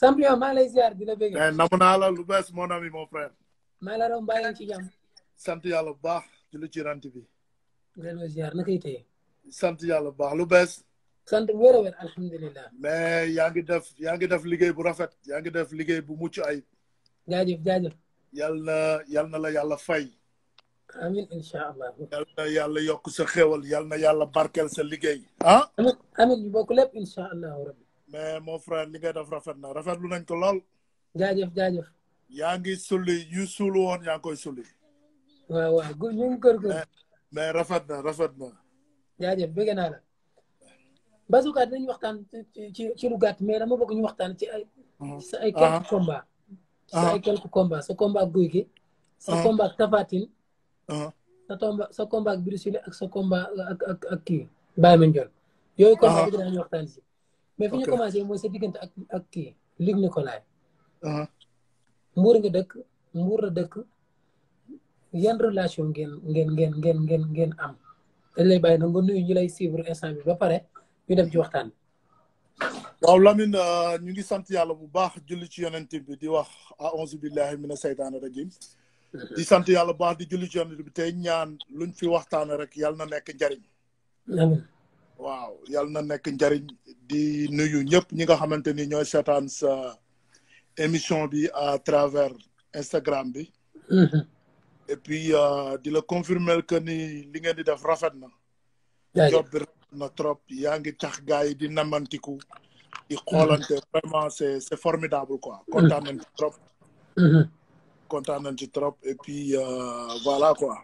champion maa lay ziar di la bëgg. Eh, namu naa la lu mon ami mon frère. maa la doon bàyyi ci sant yàlla bu baax di lu ci rant bi. delloo ziar na sant yàlla bu baax lu bees. sant wér a wér alhamdulilah. yaa ngi def yaa ngi def liggéey bu rafet yaa ngi def liggéey bu mucc ayib. jaajëf jaajëf. yal na na la yàlla fay. amin incha allah. yal na yàlla yokk sa xéwal yal na yàlla barkeel sa liggéey. ah amin ñu bokk lépp incha allah rabbi mais mon frère li ngay def rafet na rafetlu nañ ko lol jaajëf jaajëf. yaa gi sulli yu suul woon yaa ngi koy sulli. waaw waaw ñu ngi kër kër. mais rafet na rafet na. jaajëf bëgg naa la. Bazooka dinañ waxtaan ci ci lu gàtt mais dama bëgg ñu waxtaan ci ay. Uh-huh. sa ay quelques uh-huh. combats. sa uh-huh. ay quelques combats sa combat guy gi. sa combat Tapha Tine. sa combat sa combat ak Bruce Lee ak sa combat ak ak ak kii Baye Mandione. yooyu combat bi dinañ ci. mais fi ñu commencé mooy sa diggante ak ak kii Luc Nicolaï. Uh-huh. Mbour nga dëkk Mbour la dëkk yan relation ngeen ngeen ngeen ngeen ngeen ngeen am dañ lay bàyyi nag nga nuyu ñu lay suivre instant bi ba pare ñu dem ci waxtaan waaw Lamine uh, ñu ngi sant yàlla bu baax julli ci yonent bi di wax a'uuzu billahi mina seytaani rajim mm-hmm. di sant yàlla bu baax di julli ci yonent bi tey ñaan luñ fi waxtaan rek yàlla na nekk jariñ waaw yal na nekk njariñ di nuyu ñëpp ñi nga xamante ni ñooy seetaan sa émission bi à travers Instagram bi. Mhm. et puis euh, di la confirmer que ni li ngeen di def rafet na. job trop yaa ngi tax gars yi di namantiku. di mhm. xoolante vraiment c'est c'est formidable quoi. Mhm. kontaan nañ ci trop. kontaan nañ ci trop et puis euh, voilà quoi.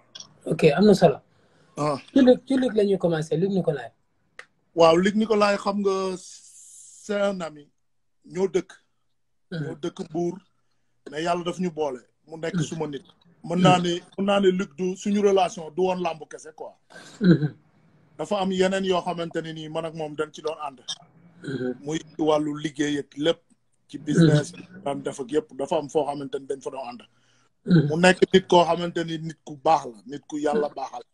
ok am na solo. Ah. ci léegi ci léegi la ñuy commencé léegi ñu waaw Luc Nicolaï xam nga c'est ami ñoo dëkk ñoo dëkk buur mais yàlla daf ñu boole mu nekk suma nit mën naa ne mën naa ne Luc du suñu relation du woon làmb kese quoi dafa am yeneen yoo xamante ni nii man ak moom dañ ci doon ànd muy wàllu liggéey ak lépp ci business daan def yëpp dafa am foo xamante ni dañ fa doon ànd mu nekk nit koo xamante ni nit ku baax la nit ku yàlla baaxal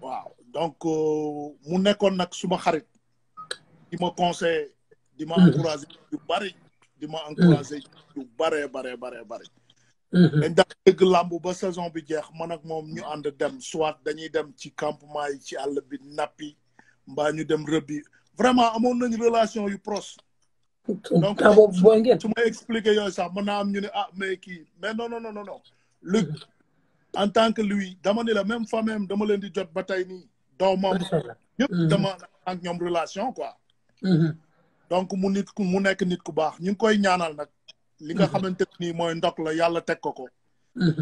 waaw donc euh, mu nekkoon nag suma xarit di ma conseillé di ma mhm. encouragé yu bëri di ma encouragé yu bëree bare bare bëri mhm. dañ daa dëgg làmb ba saison bi jeex man ak moom ñu ànd dem soit dañuy dem ci campement yi ci àll bi nappi mbaa ñu dem rëbbi vraiment amoon nañ relation yu proche donc su ma expliqué yooyu sax mën naa am ñu ne ah mais kii mais non non non non en tant que lui dama ni la même famille dama leen di jot ba tey nii daw moom yëpp mm-hmm. dama ak relation quoi mm-hmm. donc mu nit ku mu nekk nit ku baax ñu ngi koy ñaanal nag li nga mm-hmm. xamante nii mooy ndok la yàlla teg ko ko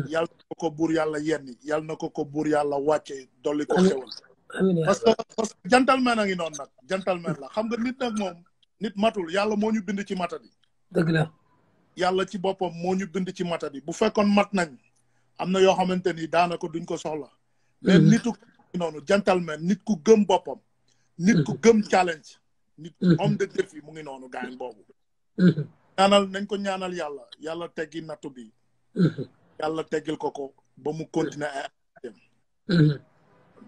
yàlla na ko buur yàlla yenni yàlla na ko ko buur yàlla wàcce dolli ko xewal parce que parce que gentleman a ngi noonu nag gentleman la xam nga nit nag moom nit matul yàlla moo ñu bind ci matadi dëgg la yàlla ci boppam moo ñu bind ci matadi bu fekkoon mat nañ am na yoo xamante ni daanaka duñ ko soxla. mais mhm. nitu noonu gentleman nit ku gëm boppam. nit ku mhm. gëm challenge. nit mhm. homme de défi mu ngi noonu gaañ boobu. nañ ko ñaanal yàlla yàlla teggi nattu bi. yàlla teggil ko ko ba mu continuer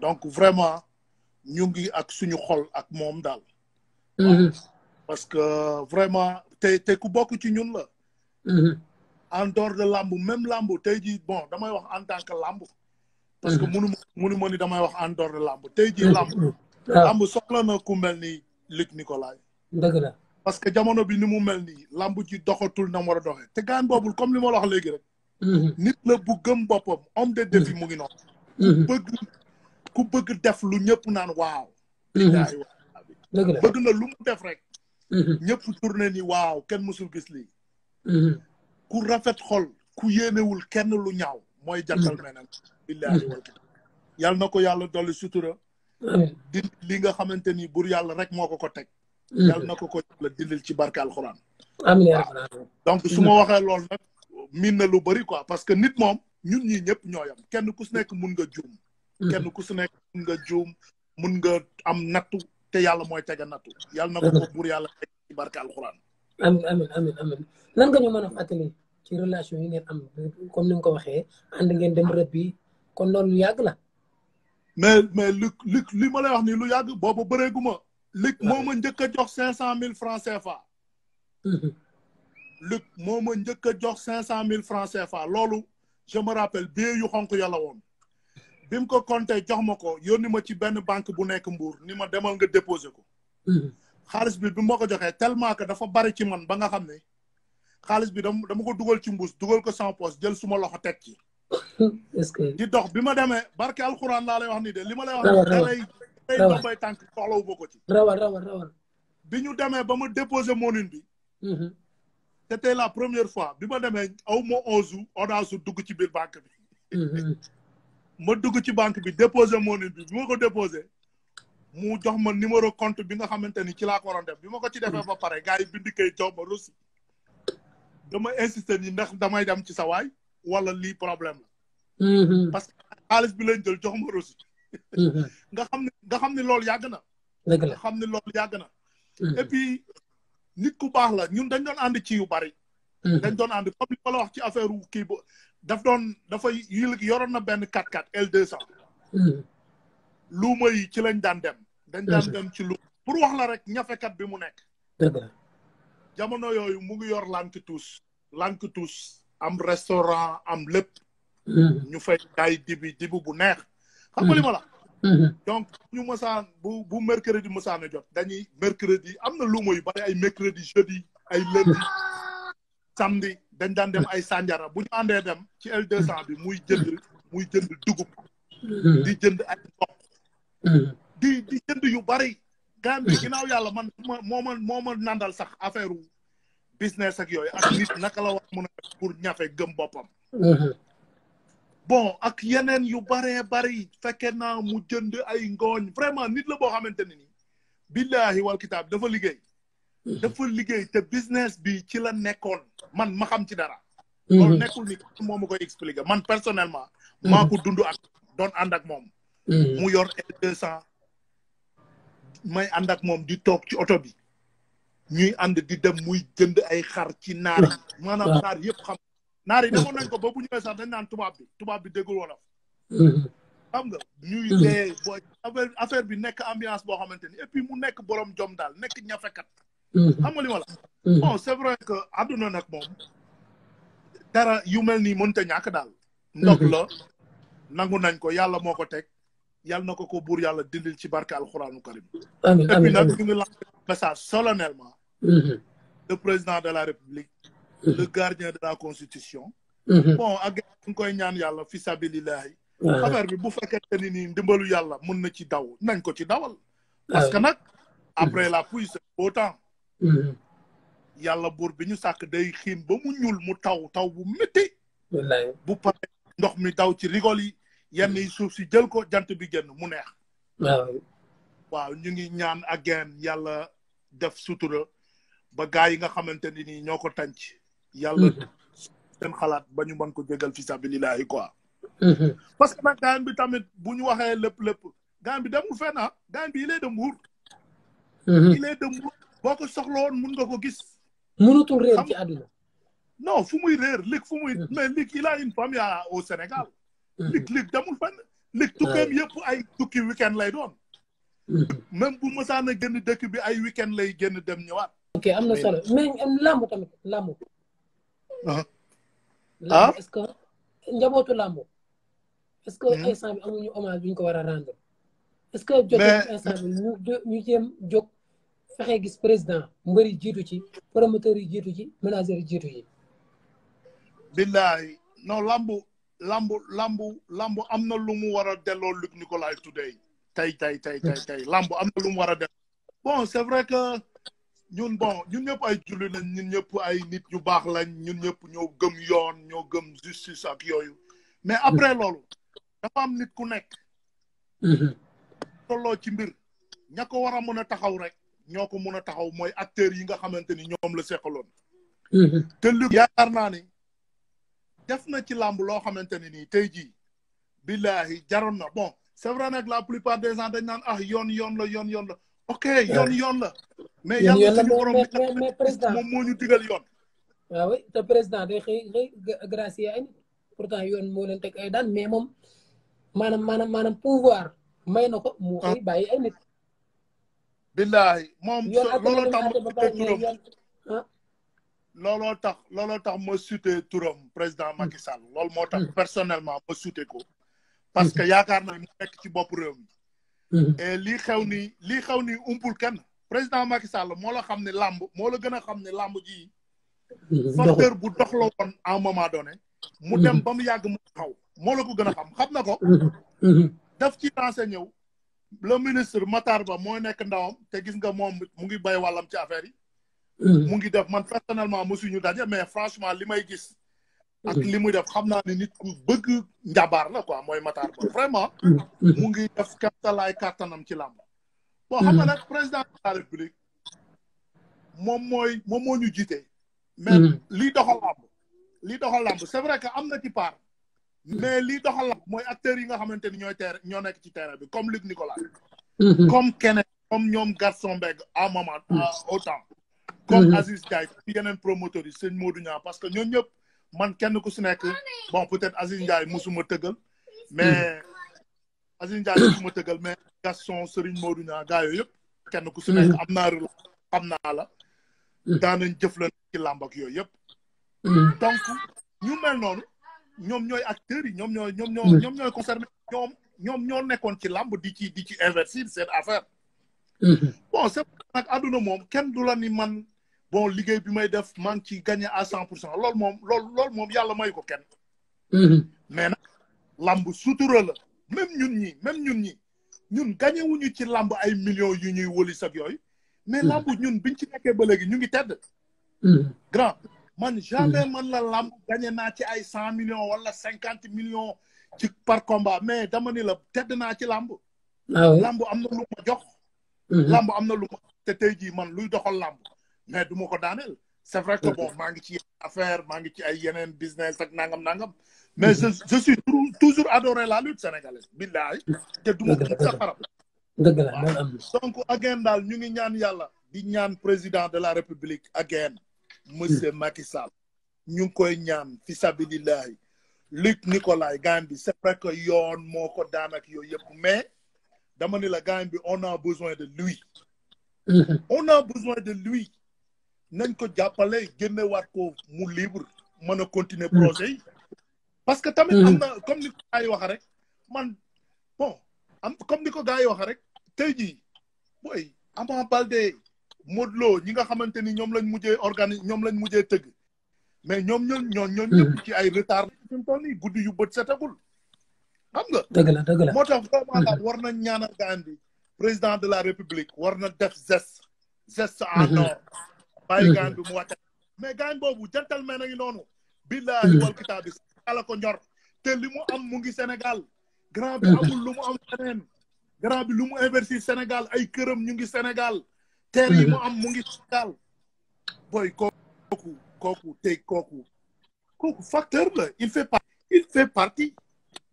donc vraiment ñu ngi ak suñu xol ak moom daal. parce que vraiment te te ku bokk ci ñun la. en dor de làmb même làmb tey jii bon damay wax en tant que làmb parce que munu munu ma ni damay wax en dehors de làmb tey jii lamb ah. làmb soxla na ku mel ni Luc Nicolaï dëgg la parce que jamono bi ni mu mel nii làmb ji doxatul na mu war a doxee te gaan boobul comme li ma la wax léegi rek mm-hmm. nit la bu gëm boppam homme de défi mu ngi noonu mm-hmm. bëgg def lu ñëpp naan waaw mm-hmm. bëgg na lu def rek ñëpp tourné ni waaw kenn mësul gis lii ku rafet xol ku yéenewul kenn lu ñaaw mooy jantal meneen mm. billaahi wal yal na ko yàlla dolli sutura di li nga xamante ni bur yàlla rek moo ko ko teg mm. yal na ko ko yàlla ci barke alxuraan donc su ma waxee loolu nag miin na lu bëri koi parce que nit moom ñun ñii ñëpp ñooyam kenn ku su nekk mun nga juum mm. kenn ku su nekk mun nga juum mun nga am nattu te yàlla mooy tega nattu yal na ko ko bur yàlla teg ci barke alxuraan amin amin amin amin lan nga ñu mën a fàttali ci relation yi ngeen am comme ni ga ko waxee ànd ngeen dem rëb bi kon loolu lu yàgg la. mais mais li li li ma lay wax nii lu yàgg boobu bëreegu ma. lig moo ma njëkk jox cinq cent mille franc CFA. Ah. lig moo ma njëkk a jox cinq cent mille franc CFA mhm. loolu je rappelle bie yu xonk yàlla woon. bi mu ko konte jox ma ko yónni ma ci benn banque bu nekk Mbour ni ma demal nga déposé ko. Mhm. xaalis bi bi ma ko joxee tellement que dafa bari ci man ba nga xam ne xaalis bi dama dama ko dugal ci mbuus dugal ko sans poche jël suma loxo teg ci. est-ce que di dox bi ma demee barke alxuraan laa lay wax nii de li ma lay wax. rawal rawal day dombay tànk soxlawu ba ko ci. rawal rawal rawal. bi ñu demee ba ma déposé monine bi. Mm-hmm. c'était la première fois bi ma demee aw ma onze audace dugg ci biir banque bi. Mm-hmm. ma dugg ci banque bi déposé monine bi bi ma ko déposé. mu jox ma numéro compte bi nga xamante ni ci laa ko waroon def bi ma ko ci defee ba pare gars yi bind kay jox ma reçu dama insister ni ndax damay dem ci sawaay wala lii problème la. Mm-hmm. parce que xaalis bi lañ jël jox ma reçu. Mm-hmm. nga xam ne nga xam ne loolu yàgg na. nga xam ne loolu yàgg na. Mm-hmm. et puis nit ku baax la ñun dañ doon ànd ci yu bari. dañ doon ànd comme li ma wax ci affaire kii ba daf doon dafay yoroon na benn 4x4 L200. luuma yi ci lañ daan dem. dañ dem ci lu pour wax la rek ñafekat bi mu nekk. dëgg la jamono mu ngi yor lank tuus. lank tuus am restaurant am lépp. Hmm. ñu fay jaay dibi dibi bu neex. xam nga hmm. li ma hmm. donc ñu mosaan bu bu mercredi mosaan a jot dañuy mercredi am na luuma yu bari ay mercredi jeudi ay lundi samedi dañ daan dem ay sànjara bu ñu àndee dem ci L200 bi muy jënd muy dugub. di jënd ay Mm. di di jënd yu bari. Gambie mm. ginnaaw yàlla man moo ma moo ma nandal sax affaire business ak yooyu ak naka la war mun a pour ñafe gëm boppam. Mm-hmm. bon ak yeneen yu baree bari fekke naa mu jënd ay ngooñ vraiment nit la boo xamante ne nii. billahi wal kitaab dafa liggéey. Mm-hmm. dafa liggéey te business bi ci la nekkoon man ma xam ci dara. Mm-hmm. loolu nekkul ni moom ma koy expliquer man personnellement. maa ko dund ak doon ànd ak moom. Mm. mu yor L200 may ànd ak moom di toog ci oto bi ñuy ànd di dem muy jënd ay xar ci naar yi mm. maanaam mm. naar yëpp xam naar yi demoon nañ ko ba bu ñëwee sax dañ naan tubaab bi tubaab bi déggul wolof xam nga ñuy dee affaire bi nekk ambiance boo xamante ni et puis mu nekk borom jom daal nekk ñafekat xam nga li bon c'est vrai que àdduna nag moom dara yu mel nii mënta ñàkk daal ndog nangu nañ ko yàlla moo ko teg yàlla na ko ko buur yàlla dindil ci barke alxuraanu karim amiin amiin et puis nag ñu ngi lancé message solennellement mm-hmm. président de la république mm-hmm. le gardien de la constitution mm-hmm. bon ak ñu koy ñaan yàlla fi sabilillahi affaire bi bu fekkente ni nii ndimbalu yàlla mën na ci daw nañ ko ci dawal parce que nag après la pluie c'est temps yàlla buur bi ñu sàkk day xiin ba mu ñuul mu taw taw bu métti bu pare ndox mi daw ci rigol yenn suuf si jël ko jant bi génn mu neex. waaw. waaw ñu ngi ñaan again yàlla def sutura ba gaa yi nga xamante ni nii ñoo ko tenc yàlla mm-hmm. seen xalaat ba ñu mën ko jégal fi sabilillahi quoi. Mm-hmm. parce que nag gaañ bi tamit bu ñu waxee lépp lépp gaañ bi dem fenn ah gaañ bi il est de Mbour. Mm-hmm. il est de boo ko soxla woon mun nga ko gis. mënatul réer ci àdduna. non fu muy réer lig fu muy mais lig il a une ah, au Sénégal. lig mhm. lig demul fenn lig tukkeem yëpp ay tukki weekend lay doon mhm. même bu mësaan a dëkk bi ay weekend lay génn dem ñëwaat ok am na solo mais làmb tamit làmb ah. làmb ah? est-ce que njabootu làmb est-ce que mhm. instant bi amuñu hommage bi ko war a rendre est-ce que jot instant ñu ñu jéem fexe gis président mbër yi jiitu ci promoteur yi jiitu ci manager yi jiitu ci billaay non làmb lambu lambu lambu am na lu mu war a delloo Luc Nicolaï today tey tey tey tey tey lambu am na lu mu war a delloo bon c'est vrai que ñun bon ñun ñëpp ay julli lañ ñëpp ay nit ñu baax lañ ñun ñëpp ñoo gëm yoon ñoo gëm justice ak yooyu mais après loolu dafa am nit ku nekk mhm. tolloo ci mbir ña ko war a mën a taxaw rek ñoo ko mën a taxaw mooy acteurs yi nga xamante ni ñoom la seqaloon mhm. te Luc yaakaar naa ni def na ci làmb loo xamante ne nii ji jii billaahi jaroon na bon c'est vrai nag la plupart des gens dañ naan ah yoon yoon la yoon yoon la ok yoon yoon la mais yàlla suñu borom mais président moo ñu digal yoon waaw ah te président de xëy xëy gracier ay nit pourtant yoon moo leen teg ay daan mais moom maanaam maanaam maanaam pouvoir may na ko mu xëy ah. bàyyi ay nit billaahi moom loolu tax ma tudd turam looloo tax looloo tax ma sute turam président Macky Sall loolu moo tax personnellement ma sute ko parce que yaakaar naa mu nekk ci bopp réew mi et lii xew nii lii xew nii umpul kenn président Macky Sall moo la xam ne làmb moo la gën a xam ne làmb ji facteur bu dox la woon mu dem ba mu yàgg mu xaw moo gën a xam xam na ko daf ci lancé ñëw le ministre Matar Ba moo nekk ndawam te gis nga moom mu ngi bay wàllam ci affaire yi Mm. mu ngi def man personnellement ñu daje mais franchement li may gis. ak mm. li muy def xam naa ni nit ku bëgg njabaar la quoi mooy Matar Ba mm. vraiment. mu ngi def kattalaay kattanam ci làmb. bon xam nga président de la république moom mooy moom moo ñu jiite. mais lii làmb lii doxal làmb c'est vrai que am na ci part. mais lii doxal làmb mooy acteurs yi nga xamante ni ñooy teer ñoo nekk ci terrain bi comme Luc Nicolas. Mm-hmm. comme keneen comme ñoom garçon mbeg à moment à au comme mhm. Aziz Ndiaye yeneen promoteurs yi sëñ Modou parce que ñooñu man kenn ku si nekk bon peut-être Aziz Ndiaye musuma tëggal mais Aziz Ndiaye musuma tëggal mais Gaston Serigne Modou Niang gaa yooyu yëpp kenn ku si nekk mhm. am naa rela am naa la mhm. daanañ jëflan ci làmb ak yooyu yëpp donc ñu mel noonu ñoom ñooy acteurs yi ñoom ñooy ñoo ñoom ñooy concerné ñoom ñoom ñoo nekkoon ci làmb di ci di ci investir seen affaire bon c'est nag àdduna moom kenn du man bon liggéey bi may def maa ngi ciy gagné à cent pour cent loolu moom loolu loolu moom yàlla may ko kenn. Mhm. mais nag lamb sutura la même ñun ñi même ñun ñi ñun gagné wuñu ci lamb ay millions yu ñuy woli ak yooyu. mais mhm. lamb ñun biñ ci nekkee ba léegi ñu ngi tedd. Mhm. grand man jamais man la lamb gagné naa ci ay cent millions wala cinquante million ci par combat mais dama ni la tedd naa ci lamb. Ah lamb am na lu ma jox. lamb am na lu ma te tey jii man luy doxal lamb. mais du ma ko daaneel c'est vrai que bon maa ngi ci affaire maa ngi ci ay yeneen business ak nangam nangam mm-hmm. mais je suis toujours adoré la lutte sénégalaise billaay te du ma ko sa xarab dëgg daal ñu ngi ñaan yàlla di ñaan président de la république again monsieur mm. Macky Sall ñu ngi koy ñaan fi sabilillahi Luc Nicolaï gaan bi c'est vrai que yoon moo ko daanak ak yooyu yëpp mais dama ni la gaan bi on a besoin de lui mm-hmm. on a besoin de lui nañ ko jàppale génnewaat ko mu libre mën a continuer projet yi. parce que tamit am mm-hmm. na comme ni ko gars yi wax rek man bon am comme ni ko gars yi wax rek tey jii booy Ama Baldé Modou Lo ñi nga xamante ni ñoom lañ mujjee organise ñoom lañ mujjee tëgg mais ñoom ñoo ñoo ñoom ñëpp mm-hmm. ci ay retard fi mu toll nii guddi yu bët setagul xam nga dëgg la dëgg la moo tax vraiment daal mm-hmm. war na ñaanal gaan bi président de la république war na def geste geste en or bàyyi mm-hmm. gaan bi mu wàcc mais gaan boobu gentleman a ngi noonu billaahi wal kitaab bi ala ko ñor te am mu ngi Sénégal grand bi mm-hmm. amul mu am feneen grand bi lu mu investir Sénégal ay këram ñu ngi Sénégal mm-hmm. terre yi mu am mu ngi Sénégal boy kooku kooku tey kooku kooku facteur la il fait partie il fait partie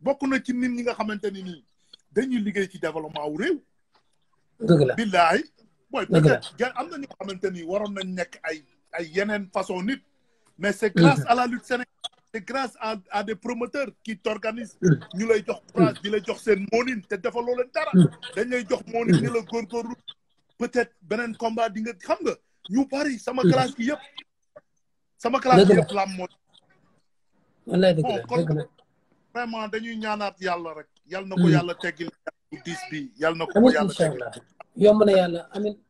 bokk na ci nit ñi nga xamante ni nii dañuy liggéey ci développement wu réew billaahi boy peut-être am na ñoo xamante ni waroon nañ nekk ay ay yeneen façon nit mais c'est grâce à la lutte sénégalaise c'est grâce à à des promoteurs qui t'organisent ñu lay jox place di lay jox seen moonin te dafa loo leen dara dañ lay jox moonin ni la góorgóorlu peut-être beneen combat di nga xam nga ñu bari sama classe ki yëpp sama classe ki yëpp lam moo bon kon vraiment dañuy ñaanaat yàlla rek yal na ko hmm. yàlla teggil bu yal na ko yàlla teggil yomb na yàlla amin